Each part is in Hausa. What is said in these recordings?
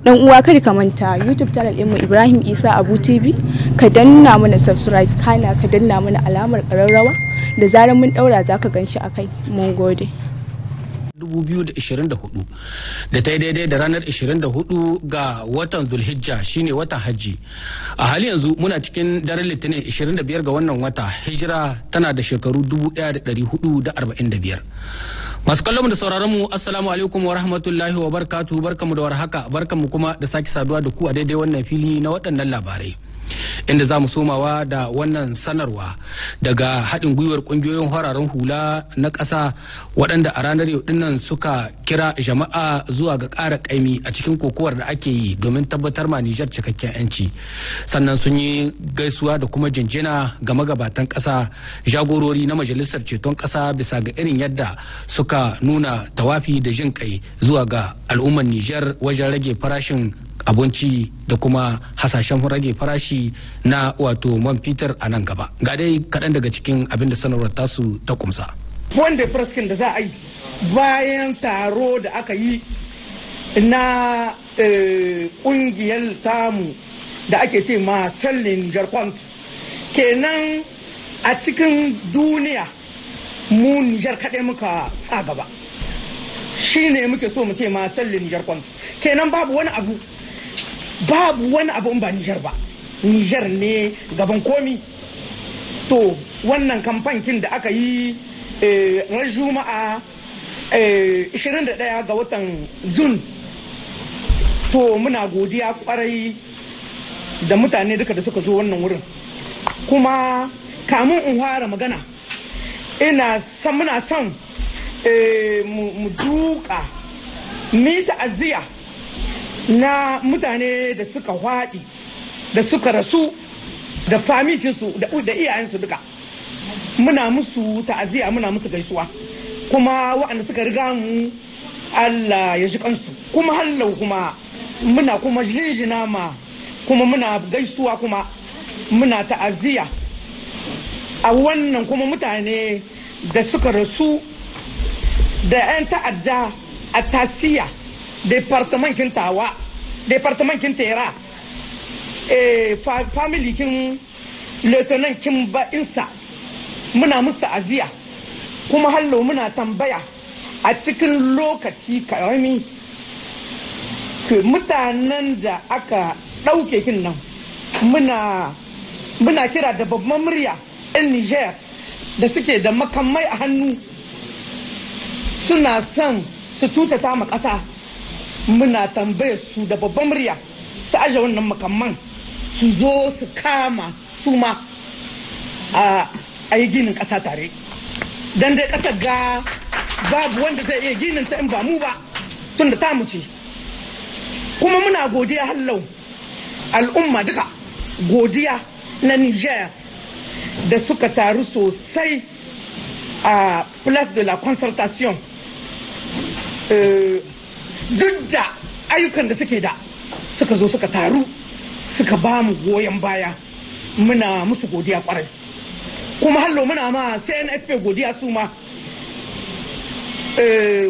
dan uwa kada ka manta youtube channel mu ibrahim isa abu tv ka danna mana subscribe kana ka danna mana alamar kararrawa da zarar mun daura za ka ganshi a kai mun gode 2024 da ta yi daidai da ranar 24 ga watan zulhijja shine watan hajji a hali yanzu muna cikin daren litinin 25 ga wannan wata hijira tana da shekaru 1445 masu kallon mu da sauraron mu assalamu alaikum wa rahmatullahi wa barkatu barkamu da warhaka barkamu kuma da sake saduwa da ku a daidai wannan fili na waɗannan labarai inda za mu somawa da wannan sanarwa daga haɗin gwiwar ƙungiyoyin hararen hula na ƙasa waɗanda a ranar yau dinnan suka kira jama'a zuwa ga ƙara ƙaimi a cikin kokowar da ake yi domin tabbatar ma Nijar cikakken 'yanci sannan sun yi gaisuwa da kuma jinjina ga magabatan ƙasa jagorori na majalisar ceton ƙasa bisa ga irin yadda suka nuna tawafi da jin kai zuwa ga al'ummar Nijar wajen rage farashin abinci da kuma hasashen rage farashi na wato man fitar a nan gaba ga dai kaɗan daga cikin abin da sanarwar tasu ta kumsa wanda faraskin da za a yi bayan taro da aka yi na kungiyar eh, tamu da ake ce ma sallin jarkwant kenan a cikin duniya mu nijar kaɗai muka sa gaba shi ne muke so mu ce ma sallin jarkwant kenan babu wani abu babu wani abu ba nijar ba nijar ne gaban komi to wannan kamfankin da aka yi eh, ran juma'a 21 eh, ga watan jun to muna godiya kwarai da mutane duka da suka zo wannan wurin kuma kamun in fara magana ina san muna son eh, mu duka ni ta'aziyya na mutane da suka haɗi da suka rasu da famikinsu da iyayensu duka muna musu ta'aziyya muna musu gaisuwa kuma waɗanda suka riga mu Allah ya ji kansu kuma hallau kuma muna kuma jinjina ma kuma muna gaisuwa kuma muna ta'aziyya a wannan kuma mutane da suka rasu da 'yan ta'adda a tasiya departamentin tawa departement kin tera eh family kin lieutenant kin ba insa muna musta aziya kuma hallo muna tambaya a cikin lokaci karami mutanen da aka ɗauke kin nan muna muna kira da babban murya 'yan niger da suke da makamai a hannu suna son su cutata ma kasa. muna tambayar su da babban murya su aje wannan makamman su zo su kama su ma a yi ginin ƙasa tare don dai ƙasar ga babu wanda zai iya ginin ta in ba mu ba tun da tamu ce kuma muna godiya hallau al'umma duka godiya na niger da suka taru sosai a place de la concertation eh, duk da ayyukan da suke da suka zo suka taru suka ba mu goyon baya muna musu godiya kwarai kuma hallo muna ma cnsp godiya su ma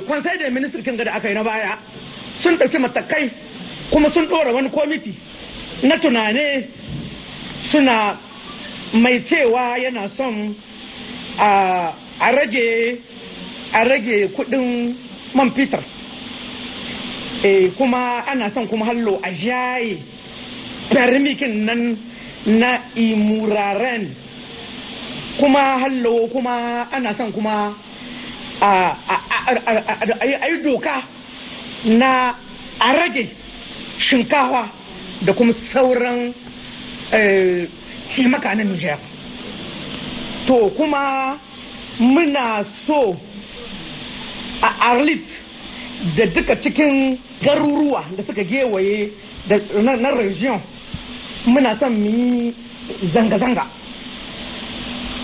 kwansai eh, da kinga da aka yi na baya sun ɗauki matakai kuma sun ɗora wani kwamiti na tunane suna mai cewa yana son a rage kudin man fitar eh kuma ana son kuma hallo a jaye permikin nan na imuraren kuma hallo kuma ana son kuma a yi doka na a rage shinkawa da kuma sauran eh, cimaka na nijar to kuma muna so a arlit da duka cikin garuruwa da suka gewaye na region muna son mu yi zanga-zanga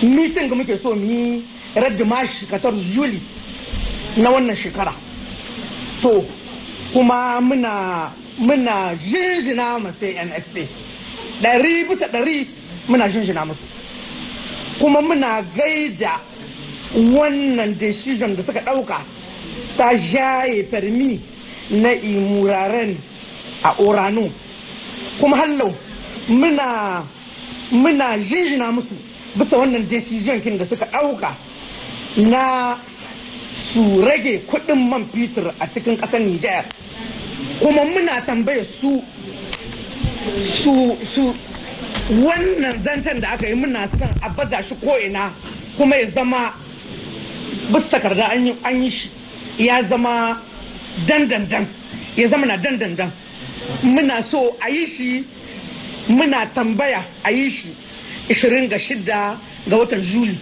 mitin muke so mu yi raddi mashi 14 juli na wannan shekara to kuma muna muna jinjina masu nsp ɗari bisa ɗari muna jinjina musu kuma muna gaida wannan decision da suka ɗauka ta jaye farmi na imuraren a orano kuma hallo muna muna jinjina musu bisa wannan decision kin da suka ɗauka na su rage kuɗin man fitur a cikin ƙasar Nijar kuma muna tambaya su su su wannan zancen da aka yi muna son a baza shi ko'ina kuma ya zama bisa takarda an yi shi ya zama dandandan ya zama na dandandan muna so a yi shi muna tambaya a yi shi 26 ga watan juli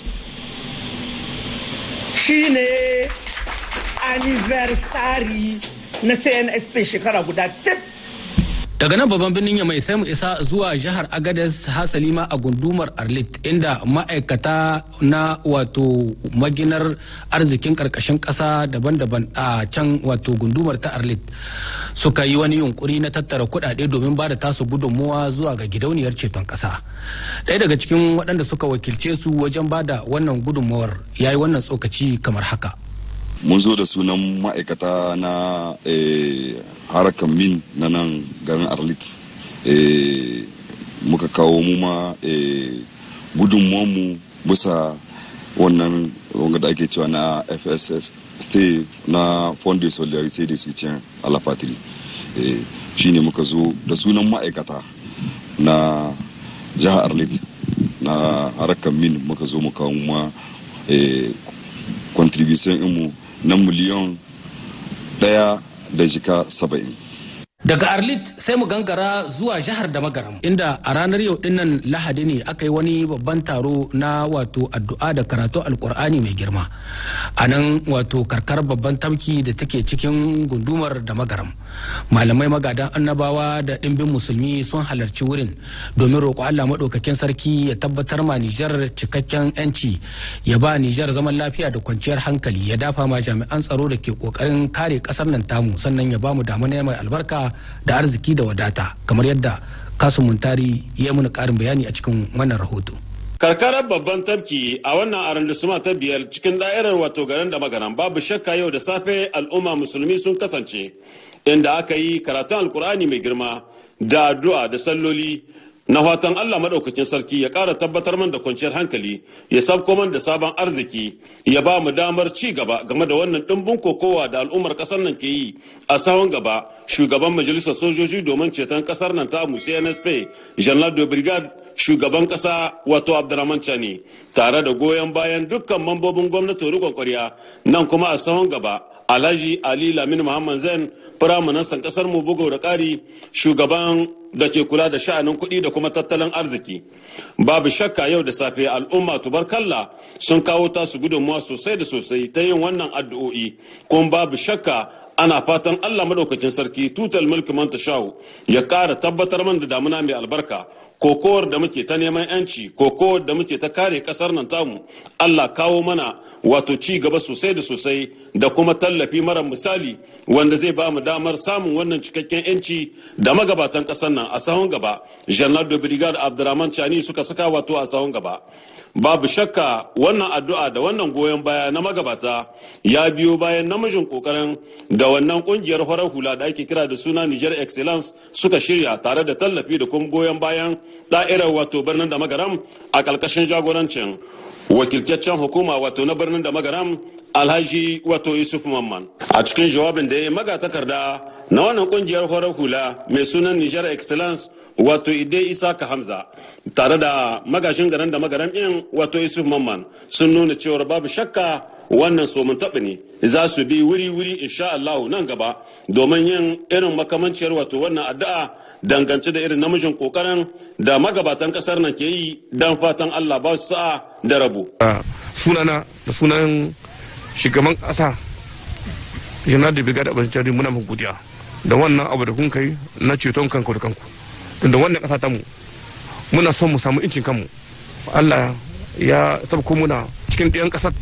shi ne anniversary na cnsp shekara guda tip daga nan babban birnin mai sai mu isa zuwa jihar agadez hasalima a gundumar arlit inda ma'aikata na wato maginar arzikin karkashin kasa daban-daban a can wato gundumar ta arlit suka yi wani yunkuri na tattara kudade domin ba da tasu gudunmuwa zuwa ga gidauniyar ceton kasa ɗaya daga cikin waɗanda suka wakilce su wajen ba da wannan gudunmuwar ya yi wannan tsokaci kamar haka mun zo da sunan ma'aikata na eh, harakan min na nan garin arlit eh, muka kawo mu ma eh, gudunmuwanmu bisa wannan wanga da ake cewa na fss stay na fondo solidarity da su alafatiri shi ne muka zo da sunan ma'aikata na jihar arlit na harakan min muka zo mu kawo mu ma contribution mu na miliyan ɗaya da jika saba'in Daga Arlit sai mu gangara zuwa jihar da magaram inda a ranar yau dinnan Lahadi ne aka yi wani babban taro na wato addu'a da karatu alkur'ani mai girma. A nan wato karkar babban tamki da take cikin gundumar da magaram. Malamai magadan annabawa da ɗimbin musulmi sun halarci wurin domin roƙo Allah maɗaukakin sarki ya tabbatar ma Nijar cikakken 'yanci ya ba Nijar zaman lafiya da kwanciyar hankali ya dafa ma jami'an tsaro da ke ƙoƙarin kare ƙasar nan tamu sannan ya ba mu ne mai albarka da arziki da wadata kamar yadda kasu tari ya muna karin bayani a cikin wannan rahoto karkarar babban tabki a wannan arandisuma ta biyar cikin da'irar wato garin da magaran babu shakka yau da safe al'umma musulmi sun kasance inda aka yi karatun alkur'ani mai girma da addu'a da salloli na fatan allah maɗaukakin sarki ya ƙara tabbatar man da kwanciyar hankali ya sabko man da sabon arziki ya ba mu damar ci gaba game da wannan ɗimbin kokowa da al'ummar ƙasar nan ke yi a sahun gaba shugaban majalisar sojoji domin ceton ƙasar nan ta musu nsp general de brigade shugaban kasa wato abdurrahman chani tare da goyon bayan dukkan mambobin gwamnatin rikon kwarya nan kuma a sahun gaba alhaji ali lamin muhammad zain firaministan kasar mu bugu da ƙari shugaban da ke kula da sha'anin kuɗi da kuma tattalin arziki babu shakka yau da safe al'umma tubarkalla sun kawo tasu gudunmuwa sosai da sosai ta yin wannan addu'o'i kuma babu shakka ana fatan Allah maɗaukacin sarki tutal mulki manta shahu ya ƙara tabbatar man da damuna mai albarka kokowar da muke ta neman yanci kokowar da muke ta kare kasar nan tamu allah kawo mana wato ci gaba sosai da sosai da kuma tallafi mara misali wanda zai ba mu damar samun wannan cikakken yanci da magabatan kasar nan a sahun gaba janar da brigade abdurrahman chani suka saka wato a sahun gaba babu shakka wannan addu'a da wannan goyon baya na magabata ya biyo bayan namijin kokarin da wannan kungiyar horar hula da ake kira da suna niger excellence suka shirya tare da tallafi da kuma goyon bayan da'irar wato birnin da magaram a ƙarƙashin jagorancin wakilcaccen hukuma wato na birnin da magaram alhaji wato yusuf mamman a cikin jawabin da ya magatakarda na wannan kungiyar horar hula mai sunan nijar excellence wato ide isaka hamza tare da magashin garan da magaran in wato yusuf mamman sun nuna cewar babu shakka wannan somin taɓa ne za su bi wuri-wuri insha Allah nan gaba domin yin irin makamanciyar wato wannan addu'a dangance da irin namijin kokarin da magabatan kasar nan ke yi don fatan Allah ba su sa'a da rabu. sunana da sunan shugaban kasa janar da brigade abin jari muna muku godiya da wannan abu da kun kai na ceton kanku da kanku da wannan kasa ta mu muna son mu samu incin kanmu Allah ya sabko muna cikin ɗayan kasar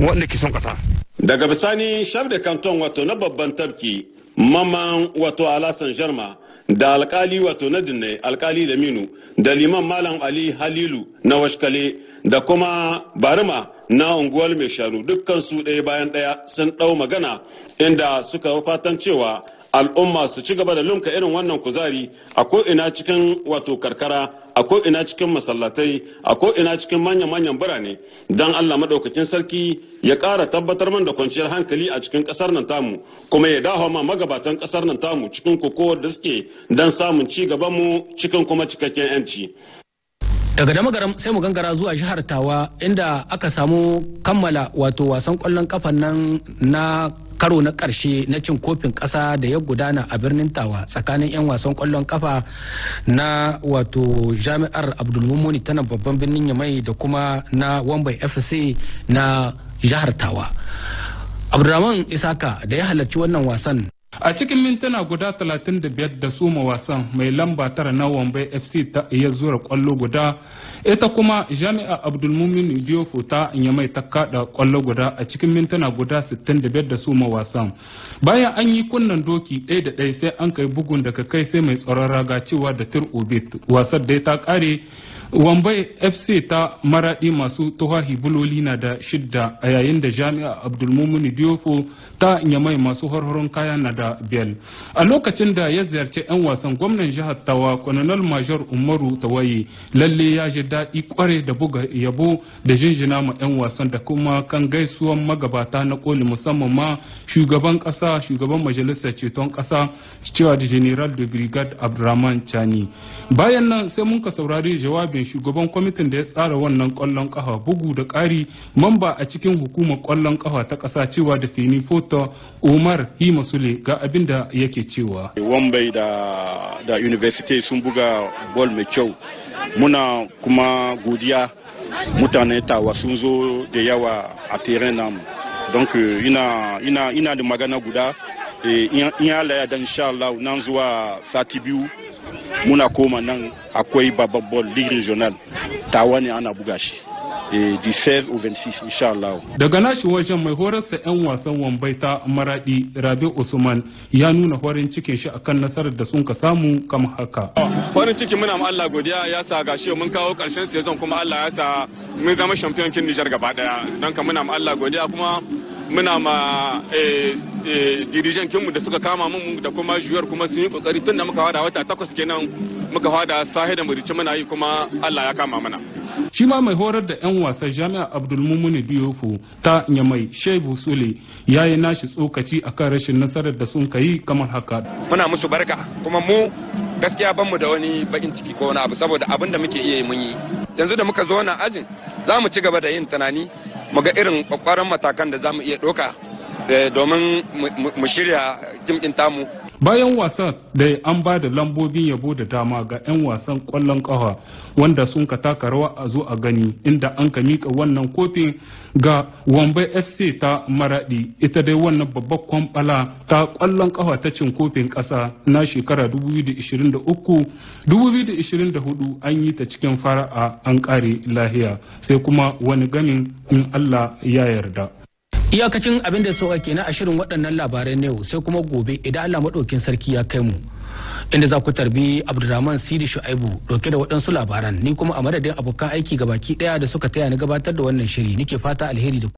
wanda ke son kasa Daga bisani shaf da kanton wato na babban tabki maman wato alasan jarma da alkali wato na dinne alkali da minu da liman malam ali halilu na washkale da kuma barima na unguwar mai shanu dukkan su ɗaya bayan ɗaya sun ɗau magana inda suka fatan cewa al'umma su ci gaba da lumka irin wannan kuzari a ko ina cikin wato karkara a ko'ina cikin masallatai a ko'ina cikin manya-manyan birane don allah maɗaukakin sarki ya ƙara tabbatar man da kwanciyar hankali a cikin kasar nan tamu kuma ya dawo ma magabatan kasar nan tamu cikin kokowar da suke don samun ci mu cikin kuma cikakken 'yanci daga magaram sai mu gangara zuwa jihar tawa inda aka samu kammala wato wasan kwallon kafan nan na karo na ƙarshe na cin kofin ƙasa da ya gudana a birnin tawa tsakanin 'yan wasan ƙwallon kafa na wato jami'ar abdulmumuni tana babban birnin yamai da kuma na wambai fc na jihar tawa abdulrahman isaka da ya halarci wannan wasan a cikin mintuna guda 35 da suma wasan mai lamba tara na wambai fc ta iya zura kwallo guda ita kuma jami'a abdulmumin diofo ta mai ta kada kwallo guda a cikin mintuna guda 65 da suma wasan bayan an yi kunnan doki ɗaya da ɗaya sai an kai bugun daga kai sai mai tsoron raga cewa da tir obit wasan dai ta kare wambai fc ta maraɗi masu tuhahi buloli na da shidda a yayin da jami'a abdulmumini diofo ta nyamai masu harharon kaya na da biyar a lokacin da ya ziyarci 'yan wasan gwamnan jihar tawa kwanonal major umaru tawaye lalle ya ji daɗi kware da buga yabo da jinjina ma 'yan wasan da kuma kan gaisuwan magabata na koli musamman ma shugaban ƙasa shugaban majalisar ceton ƙasa cewa da general de brigade abdulrahman chani bayan nan sai mun ka saurari jawabin shugaban kwamitin da ya tsara wannan kwallon kafa bugu da ƙari mamba a cikin hukumar kwallon kafa ta ƙasa cewa da fini foto umar hima sule ga abin da yake cewa wambai da da university sun buga bol mai kyau muna kuma godiya mutane tawa sun zo da yawa a teren namu don ina ina da magana guda eh, in Allah ya dan insha Allah nan zuwa sati biyu muna koma nan akwai babban ball league regional tawa ne ana buga shi eh, di 16 au 26 insha Allah. Daga nashi wajen mai horarsa 'yan wasan wambai ta maradi Rabi Usman ya nuna farin cikin shi akan nasarar da sun ka samu kamar haka. Farin ciki muna ma Allah godiya ya sa gashi mun kawo karshen season kuma Allah ya sa mun zama champion kin Nijar gaba daya. Don ka muna ma Allah godiya kuma muna ma eh, eh, dirijan kinmu da suka kama mu da kuma juyar kuma sun yi kokari tun da muka hada wata takwas kenan muka hada sahi da murici muna yi kuma Allah ya kama mana shi ma mai horar da 'yan wasan jami'a abdulmumuni diofu ta nyamai shebu sule ya yi nashi tsokaci akan rashin nasarar da sun kai kamar haka muna musu barka kuma mu gaskiya ban mu da wani bakin ciki ko wani abu saboda abin da muke iya yi mun yi yanzu da muka zo na ajin za mu ci gaba da yin tunani mu ga irin kwakwaran matakan da za mu iya doka eh, domin mu shirya tim ɗin tamu bayan wasan da an ba da lambobin yabo da dama ga 'yan wasan kwallon kafa wanda sun ka taka rawa a zo a gani inda an ka mika wannan kofin ga wamba fc ta maradi ita dai wannan babbar kwamfala ta kwallon kafa ta cin kofin kasa na shekara 2023 2024 an yi ta cikin fara'a an kare lahiya sai kuma wani ganin in allah ya yarda iyakacin abin da so ake na a shirin waɗannan labarai na sai kuma gobe idan allah maɗaukin sarki ya kai mu inda za ku tarbi Abdurrahman sidi shu'aibu doke da waɗansu labaran ni kuma a madadin abokan aiki gabaki ɗaya da suka taya ni gabatar da wannan shiri nike fata alheri da